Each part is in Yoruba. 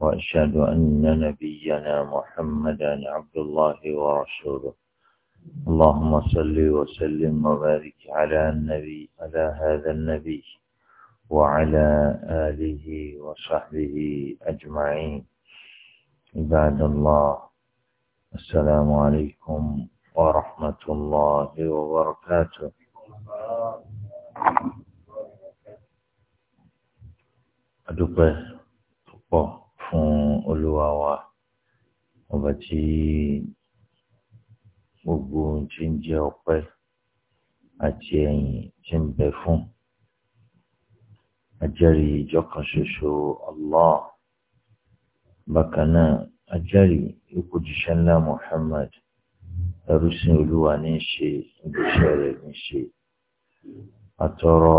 وأشهد أن نبينا محمدا عبد الله ورسوله اللهم صل وسلم وبارك على النبي على هذا النبي وعلى آله وصحبه أجمعين عباد الله السلام عليكم ورحمة الله وبركاته أدبه fún olúwa wa ọba tí gbogbo ohun tí ń jẹ́ ọpẹ́ àti ẹ̀yìn tí ń bẹ fún ajẹ́rìí ìjọ kan ṣoṣo Allah bákan náà ajẹ́rìí ipò jíṣẹ́ ńlá Muhammad ẹrú sí olúwa ní í ṣe ìgbésẹ̀ rẹ̀ ní í ṣe àtọrọ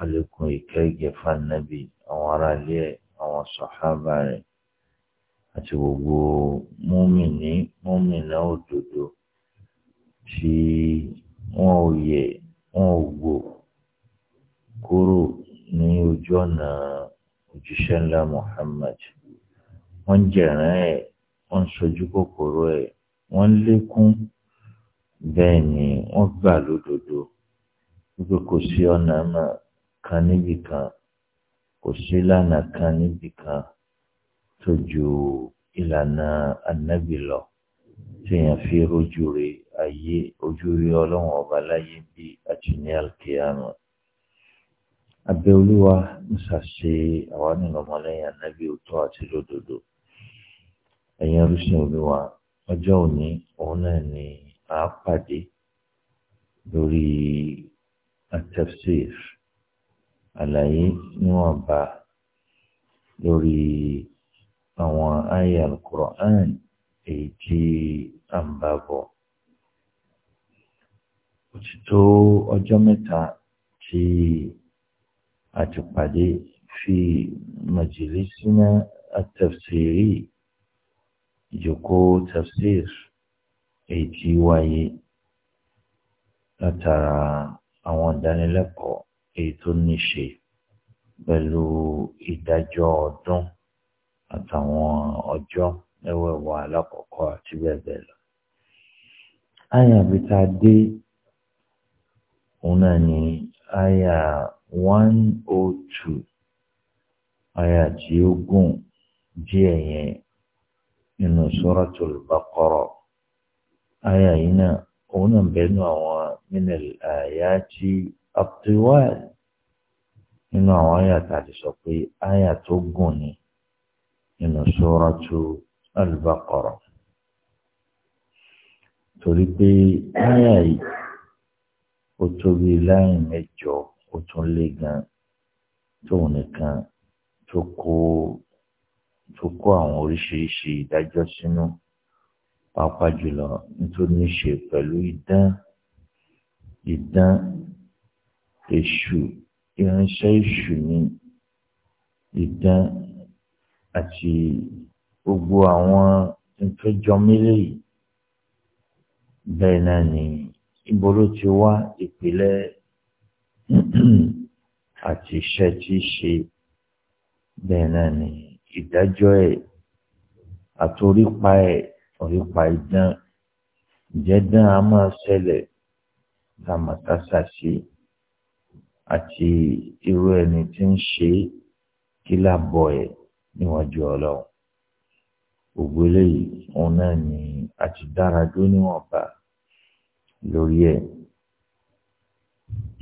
àlékún ìkẹ́ ìgẹ̀fà nàbì àwọn aráalé ẹ̀. àwọn sọ̀hábà rẹ̀ àti gbogbo múmìnì múmìnà òdodo tí wọn ò yẹ wọn ò gbò kúrò ní ojú ọ̀nà òjíṣẹ́ ńlá Muhammad wọ́n jẹ̀rán ẹ̀ wọ́n sojú kòkòrò kò sí lánàá kan níbì kan tó ju ìlànà ànábì lọ téèyàn fi rojú rẹ̀ ayé ojú rí ọlọ́run ọba láyé bí àti ní alkiyama abẹ́ olúwa ń ṣàṣe àwa nínú ọmọlẹ́yìn ànábì òótọ́ àti lódodo ẹ̀yin arúṣin olúwa ọjọ́ òní òun náà ni a pàdé lórí atafsir àlàyé níwọ̀nba lórí àwọn àyà alukur'an èyí tí a ń bá bọ̀. Ó ti tó ọjọ́ mẹ́ta tí a ti pàdé fi majalisina at-tafsiri ìjòkó tafsir èyí tí wáyé látara àwọn ìdánilẹ́kọ̀ọ́ èyí tó ní ṣe pẹ̀lú ìdájọ́ ọdún àtàwọn ọjọ́ ẹwẹ̀wà alákọ̀ọ́kọ́ àti bẹ́ẹ̀ bẹ́ẹ̀ lọ. Aya bí ta dé òun náà ni aya one oh two aya tí ó gùn díẹ̀ yẹn nínú Suratul Baqara aya yìí náà òun náà bẹ́ẹ̀ nù àwọn minal ayati àpèwáì nínú àwọn àyà tàbí sọ pé àyà tó gùn ni nínú Suratu Al-Baqara torí pé àyà yìí ó tóbi láyìn mẹ́jọ ó tún lé gan tóun nìkan tó kó tó kó àwọn oríṣiríṣi ìdájọ́ sínú pàápàá jùlọ nítorí ní ṣe pẹ̀lú idán idán èṣù ìránṣẹ́ èṣù ni ìdán àti gbogbo àwọn ìtọ́jọ mílíì bẹ́ẹ̀ náà ni ibo ló ti wá ìpìlẹ̀ àti iṣẹ́ tí í ṣe bẹ́ẹ̀ náà ni ìdájọ́ ẹ̀ àtòrípa ẹ̀ òrípa ìdán ìjẹ́dán a máa ṣẹlẹ̀ tàmátásá sí i àti irú ẹni tí ń ṣe kílàbọ̀ ẹ̀ níwájú ọlọ́run gbogbo eléyìí òun náà ni a ti dára dúró níwọ̀nba lórí ẹ̀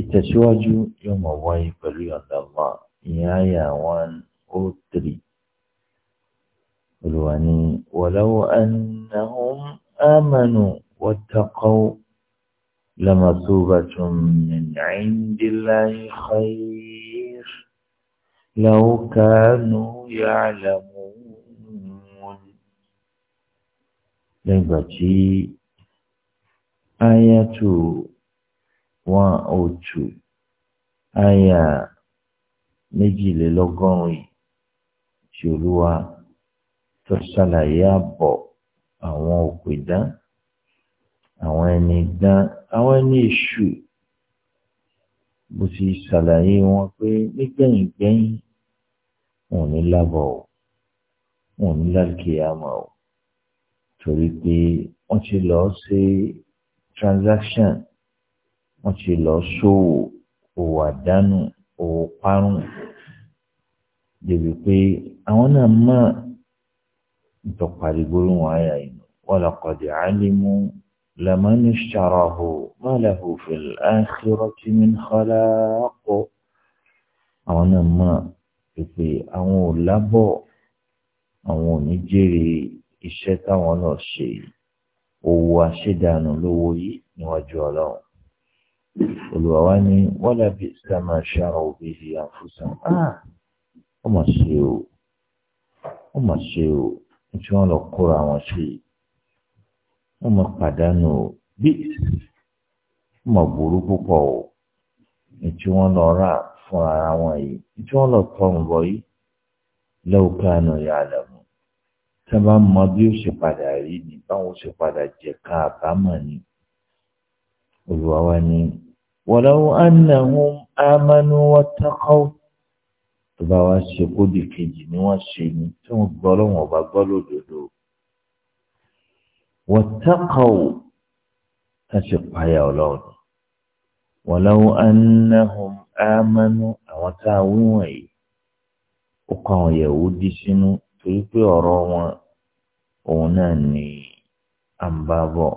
ìtẹ̀síwájú yóò mọ̀ wáyé pẹ̀lú ọ̀dà wa ìyẹn àyà one oh three olùwà ni walaw annahum amanu wattaqaw. لمثوبة من عند الله خير لو كانوا يعلمون لبتي آية وأوتو آية méjìlélọ́gọ́rin tí olúwa tó ṣàlàyé àbọ̀ àwọn òpìdán àwọn ẹni dán àwọn ẹni èṣù bó ti ṣàlàyé wọn pé nígbẹ̀yìngbẹ̀yìn wọn ò ní lábọ̀ o wọn ò ní lálùkìyàmọ̀ o torí pé wọ́n ti lọ ṣe transaction wọ́n ti lọ ṣòwò òwò àdánù òwò parun débi pé àwọn náà mọ̀ ìtọ́parí gbólóhùn àyà yìí wọ́n lọ́kọ̀dẹ̀ á lè mú. لمن اشتراه ما له في الآخرة من خلاق àwọn náà mọ أو àwọn ò lábọ̀ àwọn ò ní jèrè iṣẹ́ táwọn náà ṣe owó àṣedànù lówó yìí níwájú Ọlọ́run Olúwa sàmà ṣàrò òbí àfúsàn ó mà ṣe o ó ṣe o tí wọn lọ kóra wọn sí i wọ́n mọ̀ pàdánù o bí wọ́n mọ̀ burú púpọ̀ o ní tí wọ́n lọ rà fún ara wọn yìí ní tí wọ́n lọ tọrùn bọ̀ yìí lọ́wọ́ kánú ya àlàmù tí wọ́n bá mọ bí ó ṣe padà rí ni báwọn ṣe padà jẹ ká àbámọ̀ ni olùwà wa ni wọ́lọ́wọ́ annahum amanu wattaqaw tó bá wá ṣe kó di kejì ni wọ́n ṣe ni tí wọ́n gbọ́ lọ́wọ́ ọba gbọ́ lódodo. واتقوا تشق حيا ولون ولو أنهم آمنوا وتاووا وقوا يهودي سنو تيبي أروا وناني أمبابو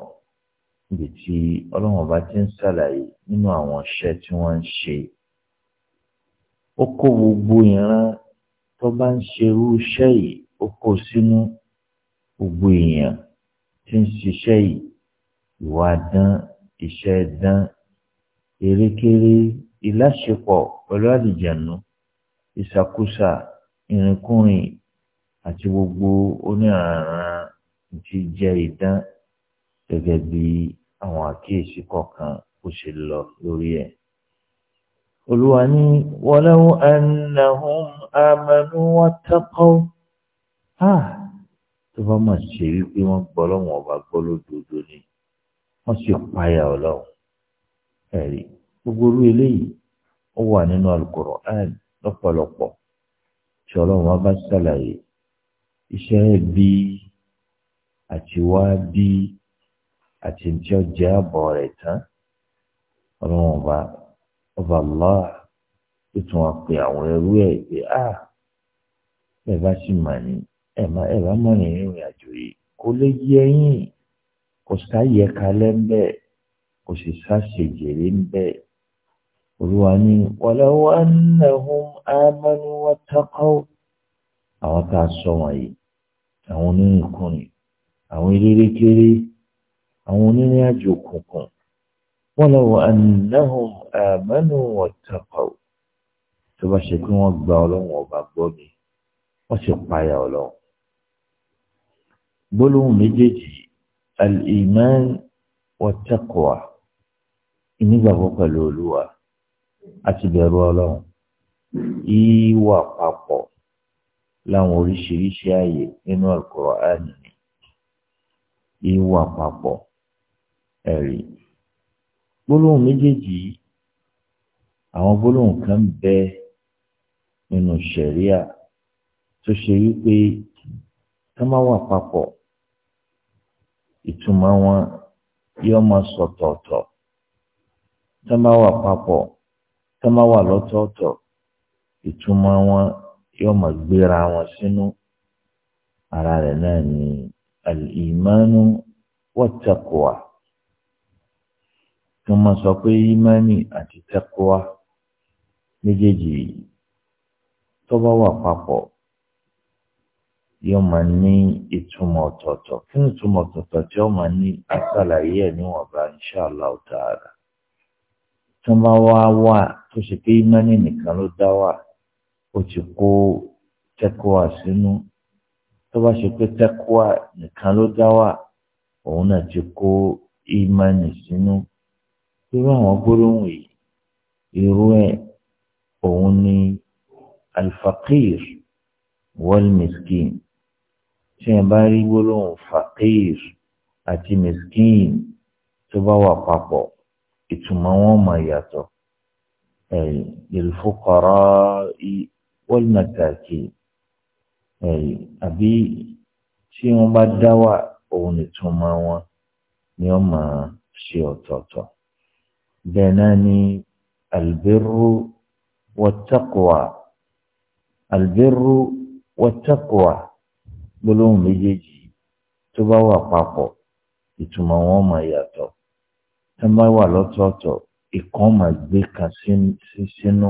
ibi tí ọlọ́run ọba ti ń ṣàlàyé nínú àwọn iṣẹ́ tí wọ́n ń ṣe ó gbogbo ìran tí ń ṣiṣẹ́ yìí ìwà dán iṣẹ́ dán erékeré ìláṣepọ̀ pẹ̀lú àlìjànú ìṣàkóso irinkurin àti gbogbo oníranran ti jẹ́ idán gẹ́gẹ́ bí àwọn àkíyèsí kọ̀ọ̀kan kò ṣe lọ lórí ẹ̀. olùwà ní walaw annahum amanu wattaqaw. Ah, tó bá mọ̀ ṣe wípé wọ́n gbọ́ lọ́wọ́ ọba gbọ́ lódodo ni wọ́n sì páyà ọlọ́run ẹ̀rí gbogbo orú eléyìí ó wà nínú Al-Qur'an lọ́pọ̀lọpọ̀ tí ọlọ́run wá bá ṣàlàyé iṣẹ́ bí àti wá bí àti tí ó jẹ́ àbọ̀ rẹ̀ tán ọlọ́run ọba ọba Allah tó tún wá pe àwọn ẹrú ẹ̀ pé a ah, bẹ́ẹ̀ bá sì mà ní ẹ̀mọ́ ẹ̀rọ mọ̀ ní ìrìn àjò yìí kó lè yẹ yín kò sáyẹ kalẹ̀ ń bẹ̀ kò sì sáṣejèrè ń bẹ̀. olúwa ni walau annahum amanu wattaqaw àwọn tá a sọ wọ̀nyí àwọn onírìnkùnrin àwọn erérekere àwọn onírìn àjò kùnkùn walau annahum amanu wattaqaw tó bá ṣe pé wọ́n gba ọlọ́run ọba gbọ́ mi wọ́n sì páyà ọlọ́run gbólóhùn méjèèjì al-iman wa taqwa ìnígbàgbọ́ pẹ̀lú olúwa àti bẹ̀rù ọlọ́run ìwà papọ̀ láwọn oríṣiríṣi ààyè nínú Al-Kùránì ni ìwà papọ̀ ẹ̀rí gbólóhùn méjèèjì àwọn gbólóhùn kan bẹ nínú ṣẹ̀ríà tó ṣe wípé ká má wà papọ̀ ìtumọ̀ wọn yóò máa sọ̀tọ̀ọ̀tọ̀ tó bá wà papọ̀ tó bá wà lọ́tọ̀ọ̀tọ̀ ìtumọ̀ wọn yóò máa gbéra wọn sínú ara rẹ̀ náà ní al-imanu tó máa sọ pé ìmánì àti taqwa méjèèjì tó bá wà papọ̀. yóò máa ní ìtumọ̀ ọ̀tọ̀ọ̀tọ̀ fún ìtumọ̀ ọ̀tọ̀ọ̀tọ̀ tí ó máa ní àṣàlàyé ẹ̀ níwọ̀nba insha Allah tó bá wá wà tó ṣe pé ìmánì nìkan ló dá wà ó ti kó tẹ́kọ̀ọ́ sínú tó bá ṣe pé tẹ́kọ̀ọ́ nìkan ló dá wà miskin. tí yẹn bá rí gbólóhùn fakir àti miskin tó bá wà papọ̀ ìtumọ̀ wọn máa yàtọ̀ ìlfukọ̀rọ̀ wọ́lùmọ̀tàkì àbí tí wọ́n bá dá wà òun ìtumọ̀ wọn ni wọ́n máa ṣe ọ̀tọ̀ọ̀tọ̀ bẹ́ẹ̀ náà ni albirru wattaqwa albirru wattaqwa gbólóhùn méjèèjì tó bá wà papọ̀ ìtumọ̀ wọn máa yàtọ̀ tó bá wà lọ́tọ̀ọ̀tọ̀ ìkan máa gbé kan sínú.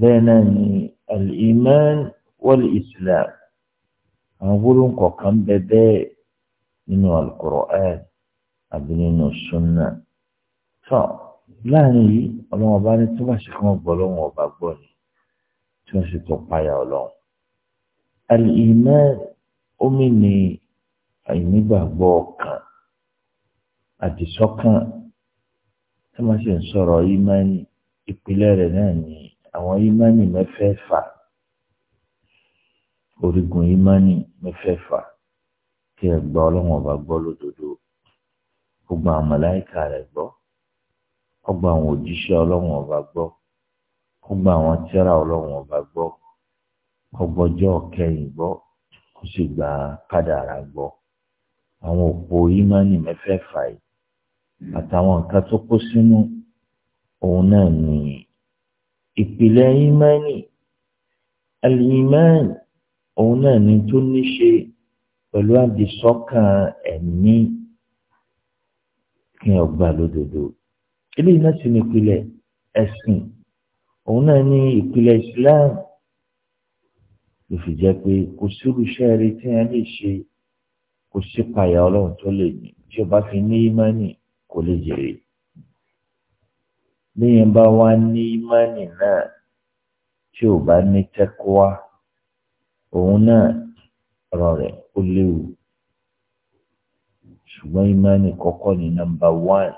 bẹ́ẹ̀ náà ni al-iman wal-islam àwọn gbólóhùn kọ̀ọ̀kan bẹ bẹ́ẹ̀ nínú al-Qur'an àbí nínú sunna. tọ́ láàrin yìí ọlọ́wọ́n bá ní tó bá ṣe kí gbọ́ ọlọ́wọ́n ọba gbọ́ ni tí wọ́n sì tó páyà ọlọ́run al-iman omi ni àìnígbàgbọ́ ọkàn àdìsọ́kàn tí wọ́n sì ń sọ̀rọ̀ ìmánì ìpìlẹ̀ rẹ̀ náà ni àwọn ìmánì mẹ́fẹ̀ẹ̀fà orígun ìmánì mẹ́fẹ̀ẹ̀fà kí ẹ gbọ́ ọlọ́run ọba gbọ́ lódodo gbogbo àwọn màláíkà rẹ̀ gbọ́ ọgbà àwọn òjíṣẹ́ ọlọ́run ọba gbọ́ ọgbà àwọn tírà ọlọ́run ọba gbọ́ ọgbọ́jọ́ kẹyìn gbọ́ ó sì gba kádàrá gbọ́ àwọn òpó ìmánì mẹ́fẹ̀ẹ̀fà yìí àtàwọn nǹkan tó kó sínú òun náà ni ìpìlẹ̀ ìmánì alìmánì òun náà ni tó ní ṣe pẹ̀lú àdìsọ́kàn ẹ̀mí kí ọ lódodo eléyìí náà sì ní ìpìlẹ̀ ẹ̀sìn òun náà ni ìpìlẹ̀ Islam ló fi jẹ́ pé kò sírú iṣẹ́ rí tí wọ́n lè ṣe kò sí payà ọlọ́run tó lè ní tí o bá fi ní ìmánì kò lè jèrè lẹ́yìn bá wá ní ìmánì náà tí o bá ní tẹ́kọ́á òun náà ọ̀rọ̀ rẹ̀ ó léwu ṣùgbọ́n ìmánì kọ́kọ́ ní nọ́mbà wán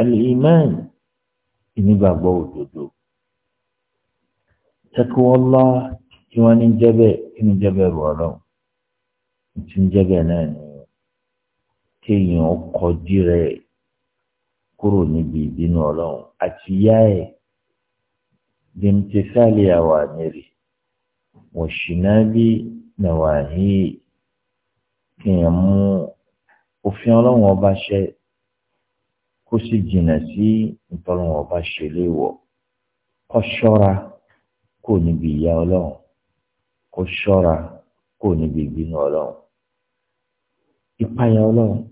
ẹ̀lẹ́ ìmánì ìnígbàgbọ́ òdodo tẹkuwọ́lá tí wọ́n ní jẹ́bẹ̀ kí ni jẹ́bẹ̀ rọ̀ ọ́ tí ń jẹ́bẹ̀ náà ni kéèyàn ọkọ̀ dírẹ̀ kúrò níbi ìbínú ọlọ́run àti yá ẹ̀ bímtísàlì àwàmírì wọ̀ṣínábí nàwáhí kéèyàn mú òfin ọlọ́run ọba ṣẹ kó sì jìnnà sí ìtọ́lọ́run ọba ṣe léwọ̀ kó ṣọ́ra kò níbi ìyá ọlọ́run kó ṣọ́ra kò níbi ìbínú ọlọ́run ìpayà ọlọ́run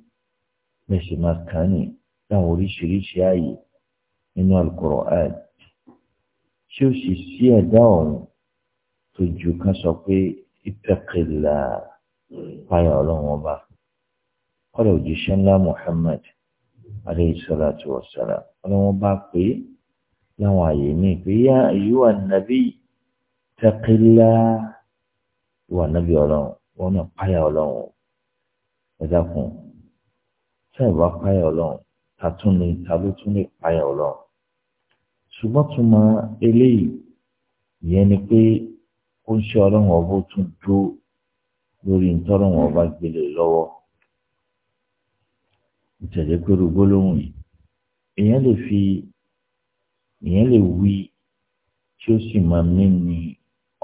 mẹ̀sì máa kàn ní láwọn oríṣiríṣi ààyè nínú Al-Qur'an ṣé ó sì sí ẹ̀dá ọ̀hún tó ju kan sọ pé ìtẹ̀kìlà ìpayà ọlọ́run ọba kọ́lá òjíṣẹ́ ńlá Muhammad alayhi salatu wa salam ọlọ́run bá pé láwọn àyè míì pé yá ayyuhan nabiy tẹ́kílá ìwà nábì ọlọ́run wọn náà páyà ọlọ́run ẹ̀dá kun tẹ́ ìwà páyà ọlọ́run tàtún ni ta ló tún lè páyà ọlọ́run ṣùgbọ́n tún mọ eléyìí ìyẹn ni pé ó ń ṣe ọlọ́run ọba ó tún dúró lórí ntọ́lọ́run ọba gbélé e lọ́wọ́ ìtẹ̀lé pẹ̀lú gbólóhùn yìí èèyàn lè fi èèyàn lè wí tí ó sì máa mí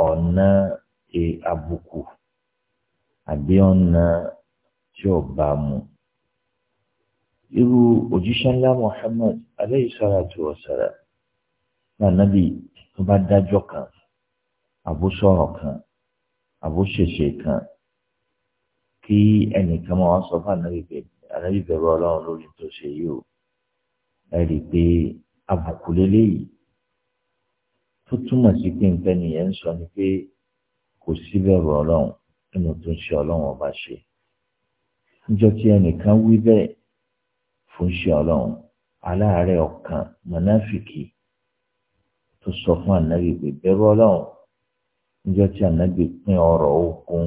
ọ̀nà e àbùkù àbí ọ̀nà tí ò bá mu. irú òjíṣẹ́ ńlá Muhammad aleyhi salatu wa salam náà nábì tó bá dájọ́ kan àbúsọ̀rọ̀ kan àbúṣẹ̀ṣẹ̀ kan kí ẹnìkan máa sọ fún ànábì bẹ̀rù ọlọ́run lórí tó ṣe yìí o ẹ pé àbùkù lélẹ́yìí. tó túmọ̀ sí pé nǹkan nìyẹn ń sọ ni pé kò síbẹ̀rù ọlọ́run nínú tó ń ṣe ọlọ́run ọba ṣe níjọ́ tí ẹnìkan wí bẹ́ẹ̀ fún ṣe ọlọ́run aláàárẹ̀ ọkàn mọ̀náfìkì tó sọ fún ànábì pé bẹ̀rù ọlọ́run tí ogun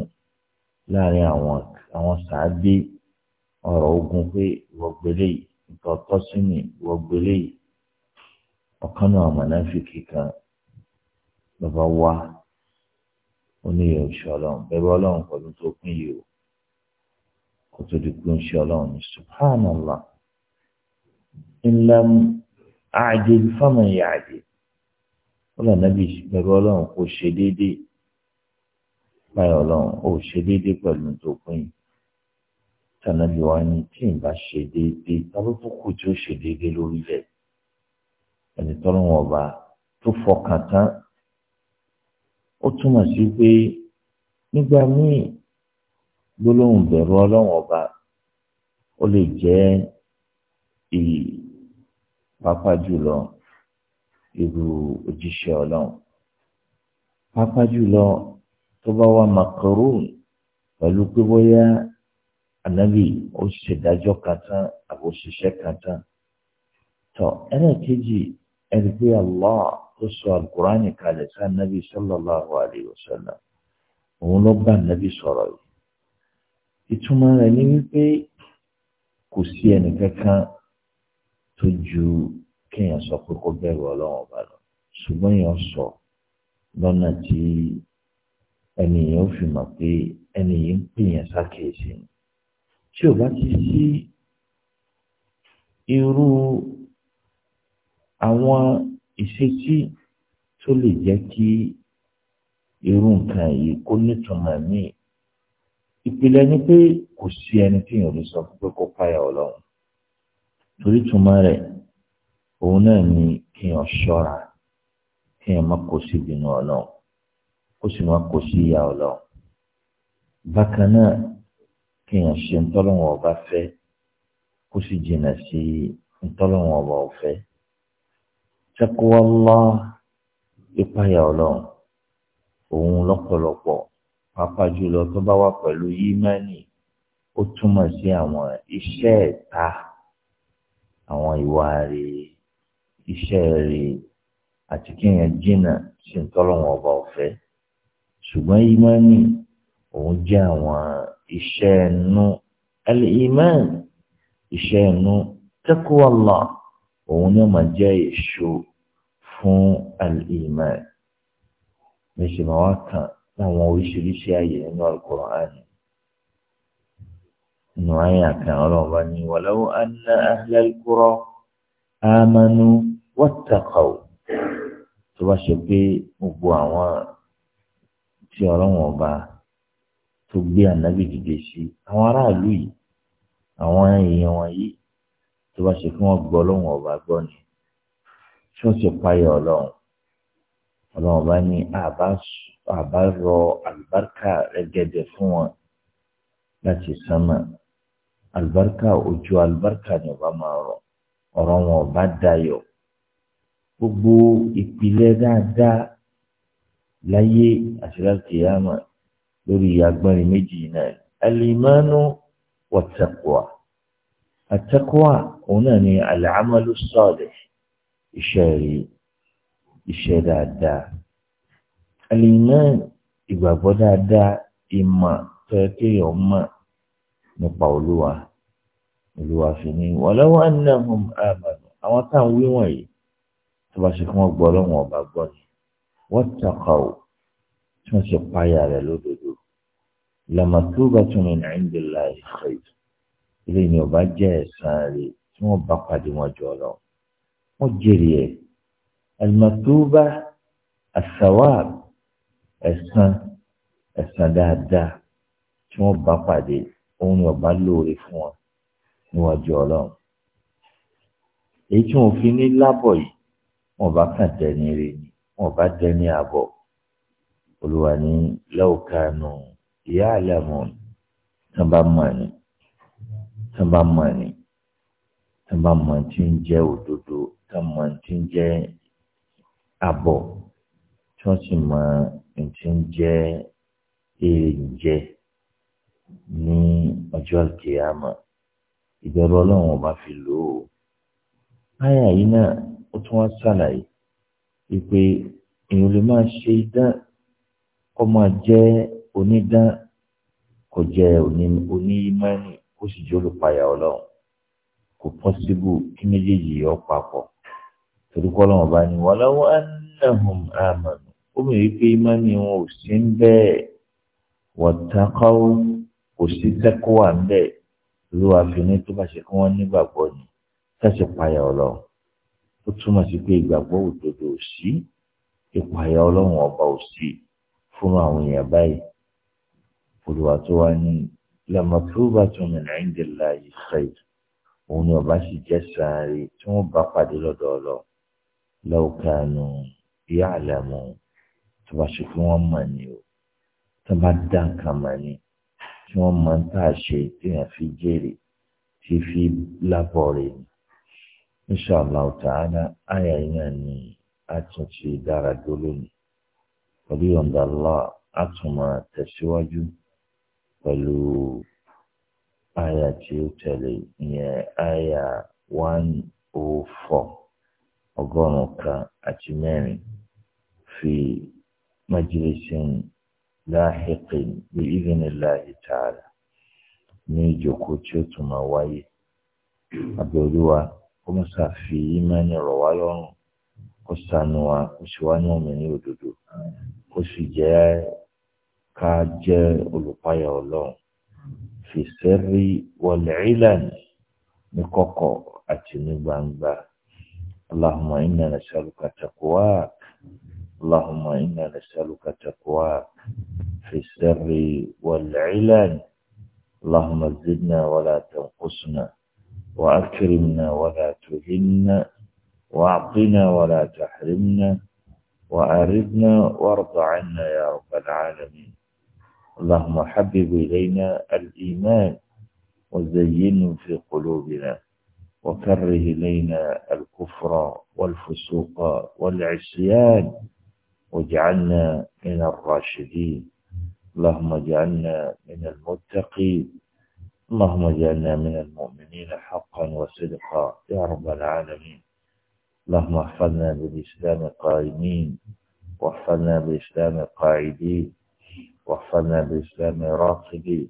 láàrin àwọn àwọn ọ̀rọ̀ ogun pé wọ́gbélé ni wọ́gbélé ọ̀kan náà bàbá wá ó ní ìyẹn òṣù ọlọ́run bẹ́ẹ̀ bá ọlọ́run pẹ̀lú tó pín yìí o kó tó di pé ń ṣe ọlọ́run ní subhanallah ńlẹ́mú àjẹ fáwọn ìyá àjẹ ọlọ́run náà bí bẹ́ẹ̀ ọlọ́run kò ṣe déédéé báyọ̀ ọlọ́run ó ṣe déédéé pẹ̀lú tó pín yìí tànàbí wa ni tí n bá ṣe déédéé tábùkù tí ó ṣe déédéé lórílẹ̀ ẹni tọ́lọ́wọ́n ọba tó fọkàn tán ó túmọ̀ sí pé nígbà míì gbólóhùn bẹ̀rù ọlọ́run ọba ó lè jẹ́ èyí pápá jùlọ irú òjíṣẹ́ ọlọ́run pápá jùlọ tó bá wà makarun pẹ̀lú pé bóyá ànábì ó ṣèdájọ́ kan tán àbòṣiṣẹ́ kan tán tọ́ ẹnìkejì ẹni pé Allah ó sọ alukurani kalẹ̀ sí anabi sallallahu alayhi wa sallam òun ló bá anabi sọ̀rọ̀ yìí ìtumọ̀ rẹ̀ ni wípé kò sí ẹnì kankan tó ju kéèyàn sọ pé kó bẹ̀rù ọlọ́run ọba lọ ṣùgbọ́n èèyàn sọ lọ́nà tí ẹni yẹn ó fi mọ̀ pé ẹni yìí ń pè yẹn sákèésí tí ò bá ti sí irú àwọn ìṣesí tó lè jẹ́ kí irú nǹkan yìí kó nítumọ̀ míì ìpìlẹ̀ ni pé kò sí ẹni tí yòó lè sọ pé kó páyà ọlọ́run torí túmọ̀ rẹ̀ òun náà ni kéèyàn ṣọ́ra kéèyàn má kó sí ìbínú ọlọ́run kó sì má kó sí ìyà ọlọ́run bákan náà kéèyàn ṣe ntọ́lọ́wọ̀n ọba fẹ́ kó sì jìnnà sí ntọ́lọ́wọ̀n ọba ọ̀fẹ́ taqwallah ìpayà ọlọ́run òun lọ́pọ̀lọpọ̀ pàápàá jùlọ tó bá wà pẹ̀lú yímánì ó túmọ̀ sí àwọn iṣẹ́ ẹ̀ta àwọn ìwà rèé iṣẹ́ rèé àti kéèyàn jìnnà sí ntọ́lọ́wọ̀n ọba ọ̀fẹ́ ṣùgbọ́n ìmánì òun jẹ́ àwọn iṣẹ́ ẹnu al-iman iṣẹ́ ẹnu taqwallah òun náà máa jẹ́ èso fún al-iman méjì máa wá kàn láwọn oríṣiríṣi àyè nínú al-Qur'an nínú àyè àkàn ọlọ́run bá ní walau anna ahlal qura amanu tó bá ṣe pé gbogbo àwọn tí ọlọ́run ọba tó gbé ànábì dìde sí àwọn aráàlú yìí àwọn èèyàn wọ̀nyí tó bá ṣe kí wọ́n ọlọ́run ọba gbọ́ ni tí ó sì payọ̀ ọlọ́run ọlọ́run bá ní àbá rọ àlùbáríkà rẹ̀gẹ̀dẹ̀ fún wọn láti sánmà àlùbáríkà ojú àlùbáríkà ni ọba máa rọ ọ̀rọ̀ wọn ọba dayọ̀ gbogbo ìpìlẹ̀ dáadáa láyé àti láti yàmà lórí agbọ́nrin méjì náà alìmánú wàtẹ́kùwà àtẹ́kùwà òun náà ni àlàámọ́lú sọ́ọ̀lẹ̀ iṣẹ́ rí iṣẹ́ dáadáa alìmọ́ ìgbàgbọ́ dáadáa ìmọ̀ tó yẹ kéèyàn mọ̀ nípa olúwa olúwa fi ní walau annahum amanu àwọn táwọn wí wọ̀nyí tó bá ṣe kí wọ́n gbọ́ lọ́wọ́n ọba gbọ́ ni wattaqaw tí wọ́n ṣe páyà rẹ̀ lódodo lamathubatun min indillahi khayr ilé ni ọba jẹ́ ẹ̀san rẹ̀ tí wọ́n bá pàdé wọn jọ lọ́wọ́ wọ́n jèrè ẹ̀ alimatuba asawab ẹ̀san ẹ̀san dáadáa tí wọ́n bá pàdé òun ni ọba lóore fún wọn níwájú ọlọ́run èyí tí wọ́n fi ní lábọ̀ yìí wọ́n bá kàn dẹni rè ni wọ́n bá dẹni àbọ̀ olùwà ní lẹ́wọ̀kánu ìyá àlẹ́mọ̀ tán bá mọ̀ ni tán bá mọ̀ ni tán bá mọ̀ tí ń jẹ́ òdodo ká mọ ti ń jẹ́ àbọ̀ tí wọ́n sì mọ ti ń jẹ́ èèjẹ ní ọjọ́ àkèyàmọ̀ ìbẹ̀rù ọlọ́run ọba fi lò ó. Báyà yìí náà ó tún wá ṣàlàyé wípé èèyàn lè máa ṣe idán kó máa jẹ́ onídán kó jẹ́ onímọ̀ẹ́nì kó sì jẹ́ olùpayà ọlọ́run kò pọ́síbù kí méjèèjì yọ papọ̀ torí kọ́ lọ́wọ́ bá ní walau annahum amanu ó mọ̀ wípé ìmánì wọn ò sí ń bẹ́ẹ̀ wattaqaw kò sí tẹ́kọ̀wà ń bẹ́ẹ̀ olúwa fi ní tó bá ṣe kí wọ́n nígbàgbọ́ ni tẹ̀sí payà ọlọ́run ó túmọ̀ sí pé ìgbàgbọ́ òdodo ò sí ìpayà ọlọ́run ọba ò sí fún àwọn èèyàn báyìí olùwà tó wá ní lẹ́mọ̀tòbá tó min indillahi khair òun ni ọba sì jẹ́ sáré tí wọ́n bá pàdé lọ́dọ̀ ọlọ́run law kanu ya'lamun tó bá ṣe fún wọn mọ̀ ni o tó bá dá nǹkan mọ̀ ni tí wọ́n mọ̀ ń tà ṣe téèyàn fi jèrè tí fi lábọ̀ rẹ̀ ni. insha Allah ta'ala àyà iná ni a dára dó lónìí pẹ̀lú yọ̀ǹda Allah a tẹ̀síwájú pẹ̀lú àyà tí ó tẹ̀lé ìyẹn àyà one oh four ọgọ́rùn-ún kan àti mẹ́rin fi majlisin láhìqin bí ìdíniláhi tààlà ní ìjókòó tí ó tún máa wáyé abẹ́olúwa ó mú sàfi ìmánì rọ̀ wá lọ́rùn ó sànù wa ó sì wá ní òmìnir òdodo ó sì jẹ́ ká jẹ́ olùpáyà ọlọ́run fi sirri wal ilan ní kọ̀kọ̀ àti ní gbangba. اللهم إنا نسألك تقواك اللهم إنا نسألك تقواك في السر والعلن اللهم زدنا ولا تنقصنا وأكرمنا ولا تهنا وأعطنا ولا تحرمنا وأردنا وارض عنا يا رب العالمين اللهم حبب إلينا الإيمان وزينه في قلوبنا وكره إلينا الكفر والفسوق والعصيان واجعلنا من الراشدين اللهم اجعلنا من المتقين اللهم اجعلنا من المؤمنين حقا وصدقا يا رب العالمين اللهم احفظنا بالإسلام قائمين واحفظنا بالإسلام قاعدين واحفظنا بالإسلام راقدين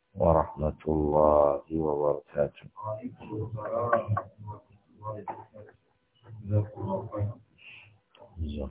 ورحمة الله وبركاته جزاكم الله خيرا